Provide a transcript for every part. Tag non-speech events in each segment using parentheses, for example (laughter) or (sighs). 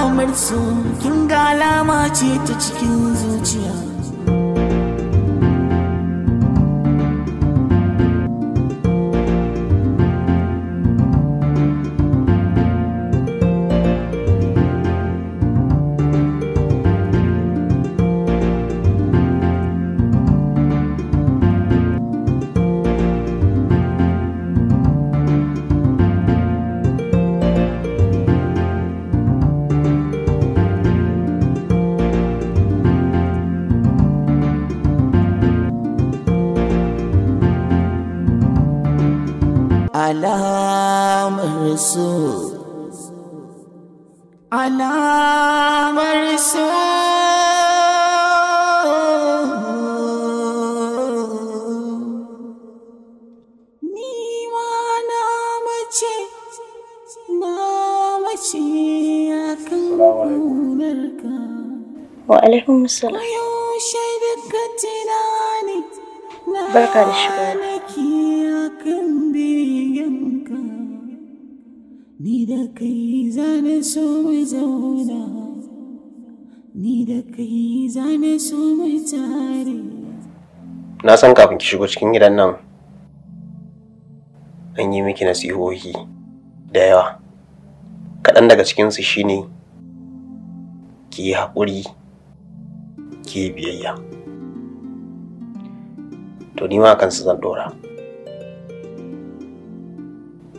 alamar su kin ga ce ta cikin zuciya على مرسول على مرسوم نيما نامتي نامتي يا كنونك وعليكم السلام بركة للشباب ni kai zane so mai zauna ni kai zane so mai tare na san kafin ki shigo cikin gidan nan an yi miki nasihohi da yawa kaɗan daga cikinsu shine ki yi haƙuri ki biyayya to ni ma kansu zan ɗora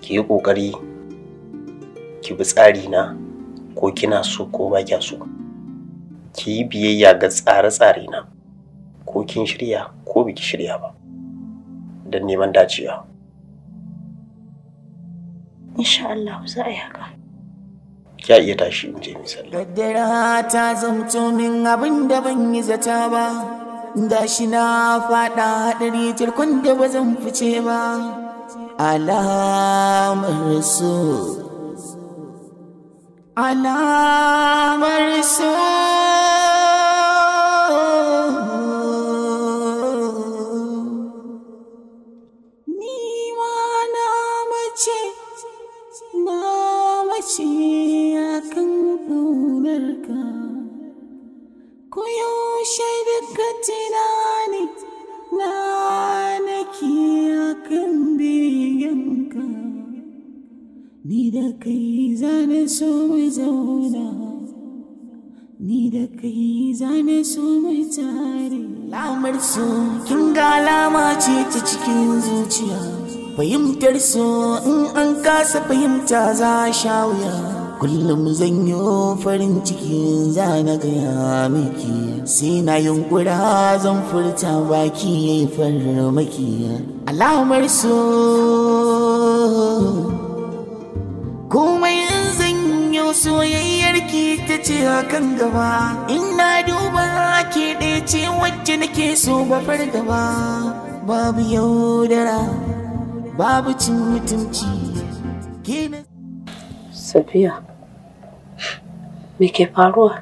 ki yi ƙoƙari ki bi tsari na ko kina so ko ba kya so ki yi biyayya ga tsare-tsare na ko kin shirya ko biki shirya ba don neman dacewa insha Allah za a yi haka ya iya tashi in je misali daddara ta zamto min abin da ban yi zata ba da shi na fada hadari tilkun da ba zan fice ba alamar su. Anamar ce a kan ƙaunarka ko yaushe duka tunani ni da kai zane so mu zauna ni da kai zane so mu tare lamar so kin ga alama ce ta cikin zuciya fahimtar so in an kasa fahimta za sha wuya kullum zan yi farin ciki za na gaya miki sai na yunkura zan furta baki ya yi farmaki alamar so komai in zan yau soyayyar ki ta ce hakan gaba in na duba ke ɗaya ce wacce nake so ba fargaba babu yaudara babu cin mutunci Safiya, me ke faruwa?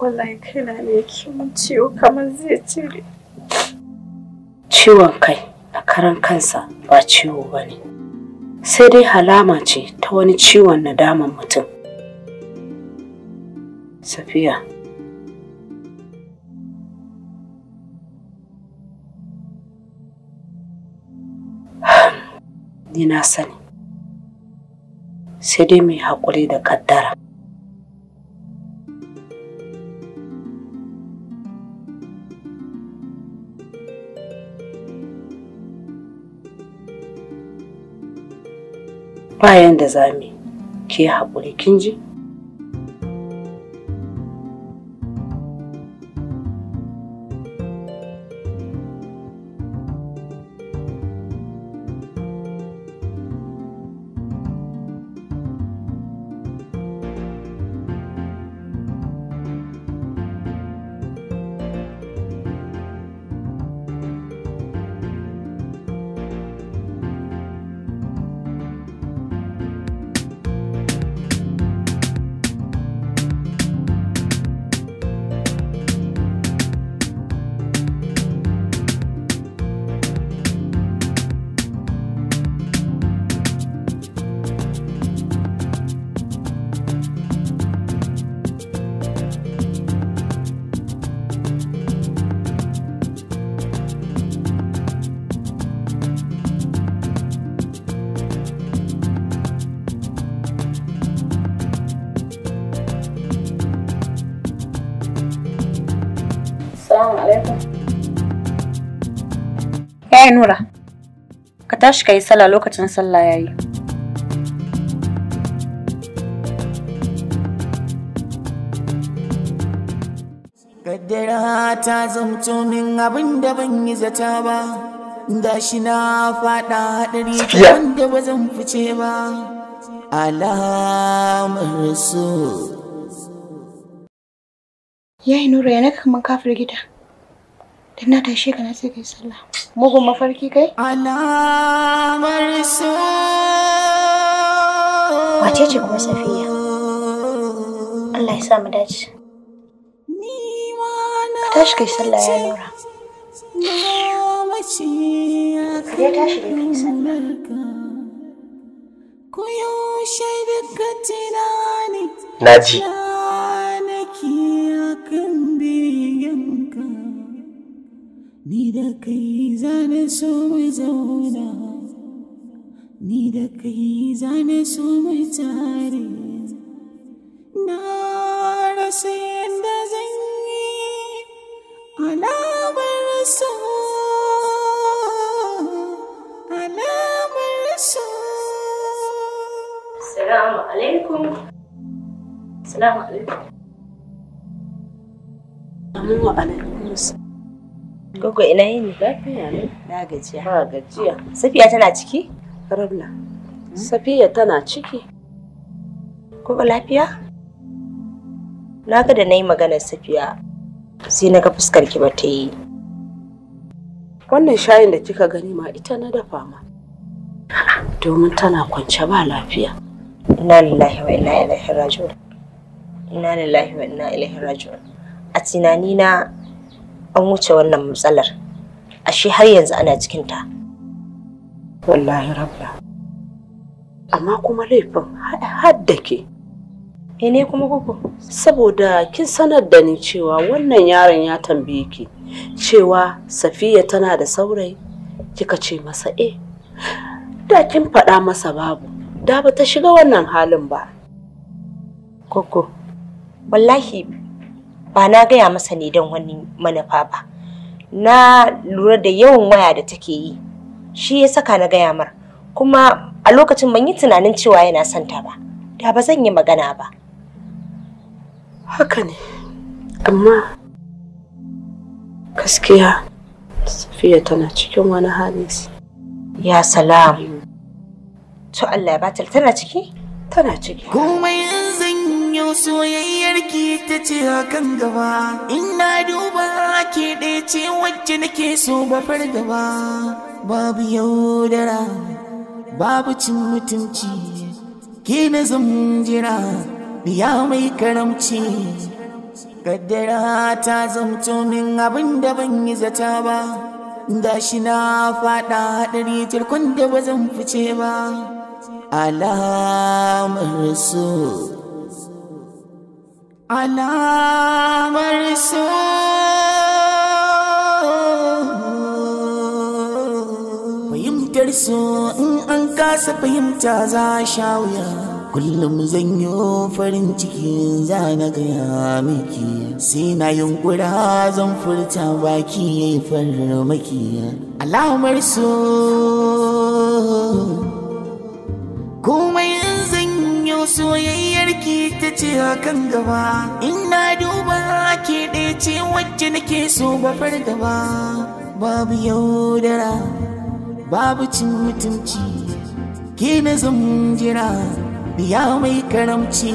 Wallahi kaina ne yake mun ciwo kamar zai cire. Ciwon kai a karan kansa ba ciwo ba ne. sai dai halama ce ta wani ciwon nadaman mutum. Safiya (sighs) Ni na sani, sai dai mai haƙuri da ƙaddara. bayan da za ke haƙuri kin ji Yaya Nura, ka tashi ka yi sallah lokacin sallah ya yi. Gaddara ta zamto min abin da ban yi zata ba, da shi na faɗa haɗari wanda ba zan fice ba. Alamar so. Yayi Nura yana kaman kafir gida. dan na tashi ka na sai kai sallah mugun mafarki kai alamar so wace ce kuma safiya Allah ya sa mu dace ka tashi kai sallah ya nura ya tashi da kai sallah Naji. da kai zane so mai zauna ni da kai zane so mai tare na rasa yadda zan yi alamar so alamar so salamu alaikum salamu alaikum Gogo ina yini? Lafiya ne. Na gajiya. Ba gajiya. Safiya tana ciki? Rabna. Hmm? Safiya tana ciki. Gogo lafiya? Na ga da nayi maganar Safiya. Sai na ga fuskar ki bata yi. Wannan shayin da kika gani ma ita na dafa ma. Domin tana kwance ba lafiya. Inna lillahi wa inna ilaihi raji'un. Inna lillahi wa inna ilaihi raji'un. A tunanina an wuce wannan matsalar ashe har yanzu ana cikinta wallahi rabba amma kuma laifin hadda ke eh, ne kuma koko. saboda kin sanar da ni cewa wannan yaron ya tambaye ki cewa safiya tana da saurayi kika ce masa e. da kin faɗa masa babu da ba ta shiga wannan halin ba koko. wallahi ba na gaya masa ne don wani manufa ba na lura da yawan waya da take yi shi ya saka na gaya mar kuma a lokacin ban yi tunanin cewa yana son ta ba da ba zan yi magana ba haka ne amma gaskiya safiya tana cikin wani hali ya salam to Allah ya batal tana ciki tana ciki yanzu yau soyayyar ki ta ce hakan gaba in na duba ke ɗaya ce wacce nake so ba fargaba babu yaudara babu cin mutunci ke na zan jira biya mai karamci kaddara ta zamto min abin da ban yi zata ba da shi na faɗa haɗari turkun da ba zan fice ba alamar so alamar so fahimtar su in an kasa fahimta za sha wuya kullum zan yi farin ciki za na gaya miki sai na yunkura zan furta baki ya yi farmaki alamar so kuma so soyayyar ki ta ce hakan gaba ina duba ke ɗaya ce wacce nake so ba fargaba babu yaudara babu cin mutunci ke na zan jira biya mai karamci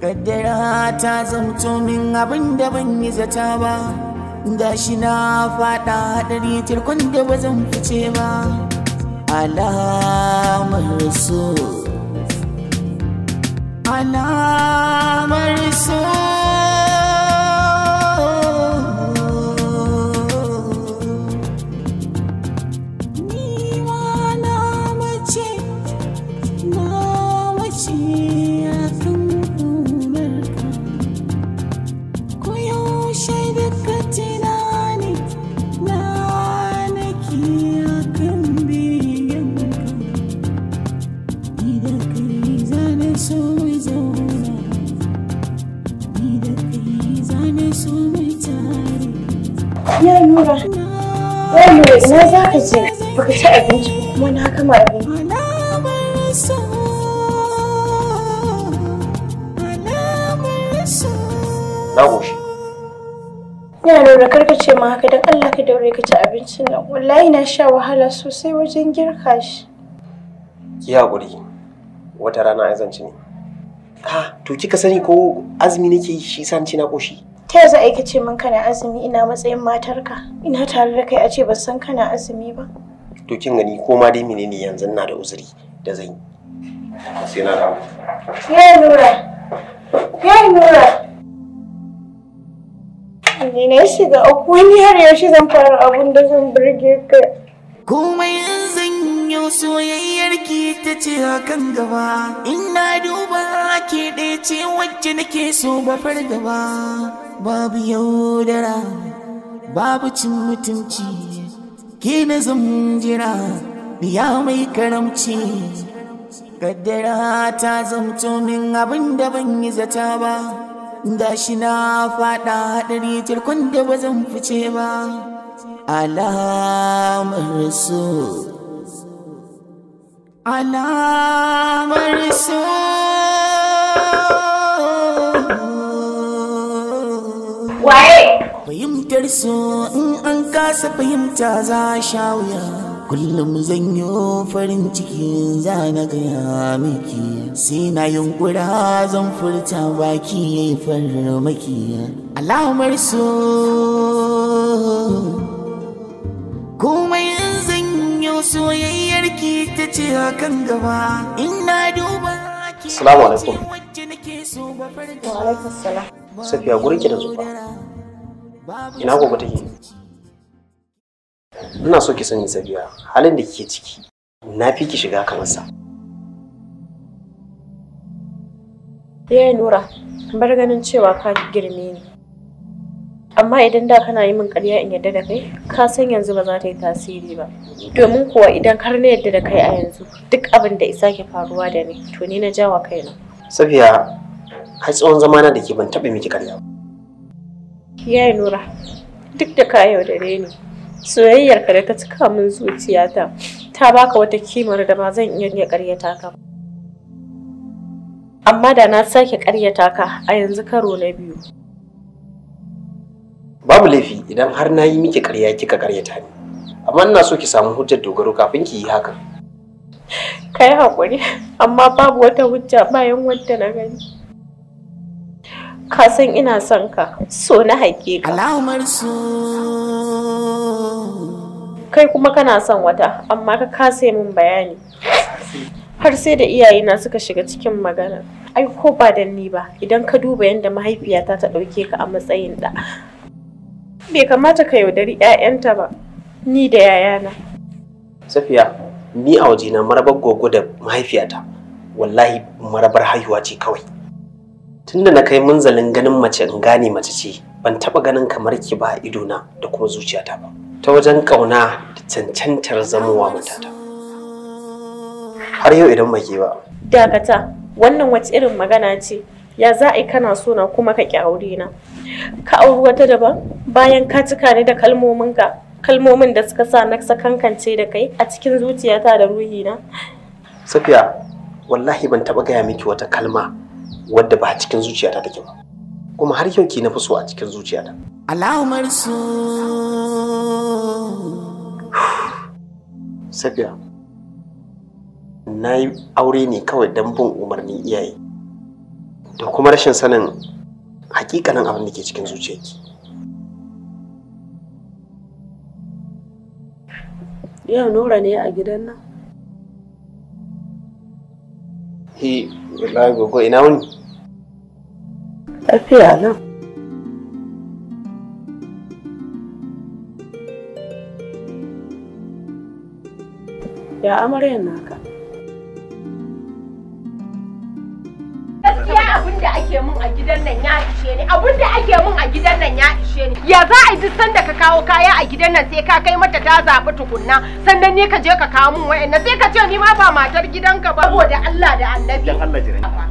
kaddara ta zamto min abin da ban yi zata ba shi na fada hadari tirkon da ba zan fice ba alamar so Ana Marisol na goshi ina da karka ce ma haka don Allah ka daure ka ci abincin nan wallahi na sha wahala sosai wajen girka shi ki haƙuri wata rana ai zan ci ne ah to kika sani ko azumi nake shi san na koshi ta yasa ai kace min kana azumi ina matsayin matarka ina tare da kai a ce ban san kana azumi ba to kin gani ko ma dai menene yanzu ina da uzuri da zan yi sai na dawo ya nura ne na shiga uku wani har yaushe zan fara abun da zan burge ka komai zan yi soyayyar ki ta ce hakan gaba ina duba ke ɗaya ce wacce nake so ba fargaba babu yaudara babu cin mutunci ke na zan jira biya mai karamci kaddara ta zamto min abin da ban yi zata ba da shi na fada hadari tilkun da ba zan fice ba alamar su alamar su waye fahimtar su in an kasa fahimta za sha wuya kullum zan yi farin ciki za na gaya miki sai na yunkura zan furta baki ya yi farmaki alamar su komai zan yi soyayyar ki ta ce hakan gaba ina duba salamu alaikum. Wa alaikum salam. Safiya gurin ki da zuba. Ina gobe take? ina so ki sani sabiya halin da kike ciki na fi ki shiga kamar sa yayi eh, nura bar ganin cewa ka girme ni amma idan da kana yi min ƙarya in yadda da kai ka san yanzu ba za ta yi tasiri ba domin kuwa idan kar na yadda da kai a yanzu duk abin da isa ke faruwa da ni to ni na jawa kaina safiya har tsawon zamana da ke ban taɓa miki ƙarya yayi nura duk da ka yaudare ni soyayyar ka da ta cika min zuciyata ta baka wata kimar da ba zan iya karyata ka ba amma da na sake karyata ka a yanzu karo na biyu babu laifi idan har na yi miki karya kika karyata ni amma ina so ki samu hujjar dogaro kafin ki yi haka kai hakuri, amma babu wata hujja bayan wadda na gani ka san ina son ka so na haƙiƙa alamar su kai kuma kana son wata amma ka kasa min bayani har sai da iyayena suka shiga cikin magana ai ko ba da ni ba idan ka duba yadda mahaifiyata ta ɗauke ka a matsayin da. bai kamata ka yaudari 'ya'yanta ba ni da yayana safiya ni a wajena marabar gogo da mahaifiyata wallahi marabar haihuwa ce kawai tunda na kai munzalin ganin mace in gane mace ce ban taɓa ganin kamar ki ba idona da kuma zuciyata ba ta wajen ƙauna da cancantar zamowa matata har yau idan ba ba dakata wannan wace irin magana ce ya za a yi kana so na kuma ka ƙi aure na ka auri wata daban bayan ka cika ni da kalmomin kalmomin da suka sa na sakankance da kai a cikin zuciyata da ruhina safiya wallahi ban taɓa gaya miki wata kalma wadda ba a cikin zuciyata take ba kuma har yau ki na fi so a cikin zuciyata Allahumma rasul Safiya, na yi aure ne kawai don bin umarnin iyaye da kuma rashin sanin hakikanin abin da ke cikin zuciyarki. Yau Nura ne a gidan nan? He, wallahi gogo ina wuni? Lafiya nan. Ya amaryan naka. Gaskiya abin da ake mun a gidan nan ya ishe ni. Abin ake mun a gidan nan ya ishe ni. Ya za a yi duk sanda ka kawo kaya a gidan nan sai ka kai mata ta zaɓi tukunna. Sannan ne ka je ka kawo mun wa'annan sai ka ce ni ma ba matar gidanka ba. Saboda Allah da Annabi. Dan Allah jiran.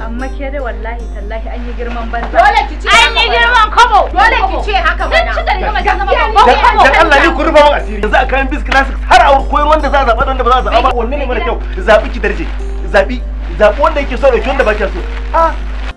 amma ke dai wallahi tallahi an yi girman banza dole ki ce an yi girman kobo dole ki ce haka mana kin ci da rigama ta zama babban kobo Allah ni ku rufa mun asiri yanzu a kayan bis classics har a koyon wanda za a zaba wanda ba za a zaba ba wanne ne mara kyau zabi ki darje zabi zabi wanda yake so da wanda ba ki so ah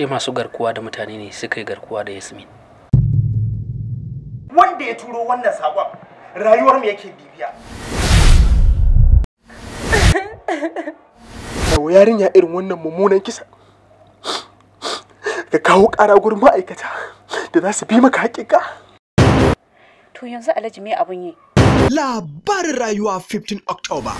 ashe masu garkuwa da mutane ne suka yi garkuwa da yasmin wanda ya turo wannan sabon rayuwar mu yake bibiya yau yarinya irin wannan mummunan kisa ka kawo ƙara gurin ma'aikata da za su bi maka haƙiƙa to yanzu alhaji me abun yi labarin rayuwa 15 october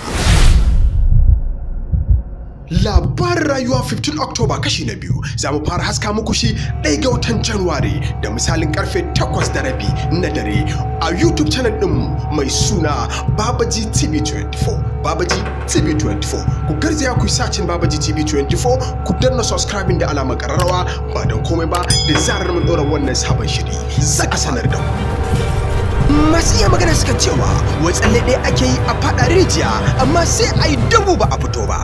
labarin rayuwa 15 October kashi na biyu za mu fara haska muku shi ɗaya ga watan Januwari da misalin karfe 8 da rabi na dare a YouTube channel din mai suna Babaji TV24. Babaji TV24 ku garzaya ku sacin Babaji TV24 ku danna subscribing da alamar kararrawa ba don komai ba da zarar mun dora wannan sabon shiri zaka sanar da ku. masu iya magana suka cewa wai tsalle ɗaya ake yi a faɗa rijiya amma sai a yi dubu ba a fito ba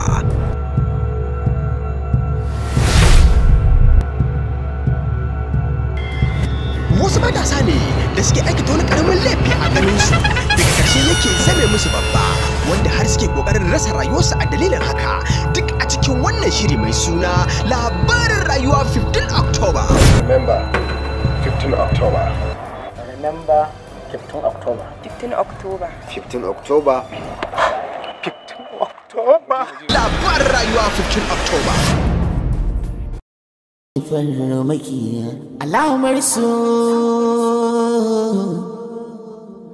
wasu matasa ne da suke aikata wani karamin laifi a ganinsu daga ƙarshe yake zame musu babba wanda har suke ƙoƙarin rasa rayuwarsu a dalilin haka duk a cikin wannan shiri mai suna labarin rayuwa 15 October. Remember 15 October. Remember 15 October. 15 October. 15 October. 15 October. Labarin rayuwa 15 October. farmaki alamar rasul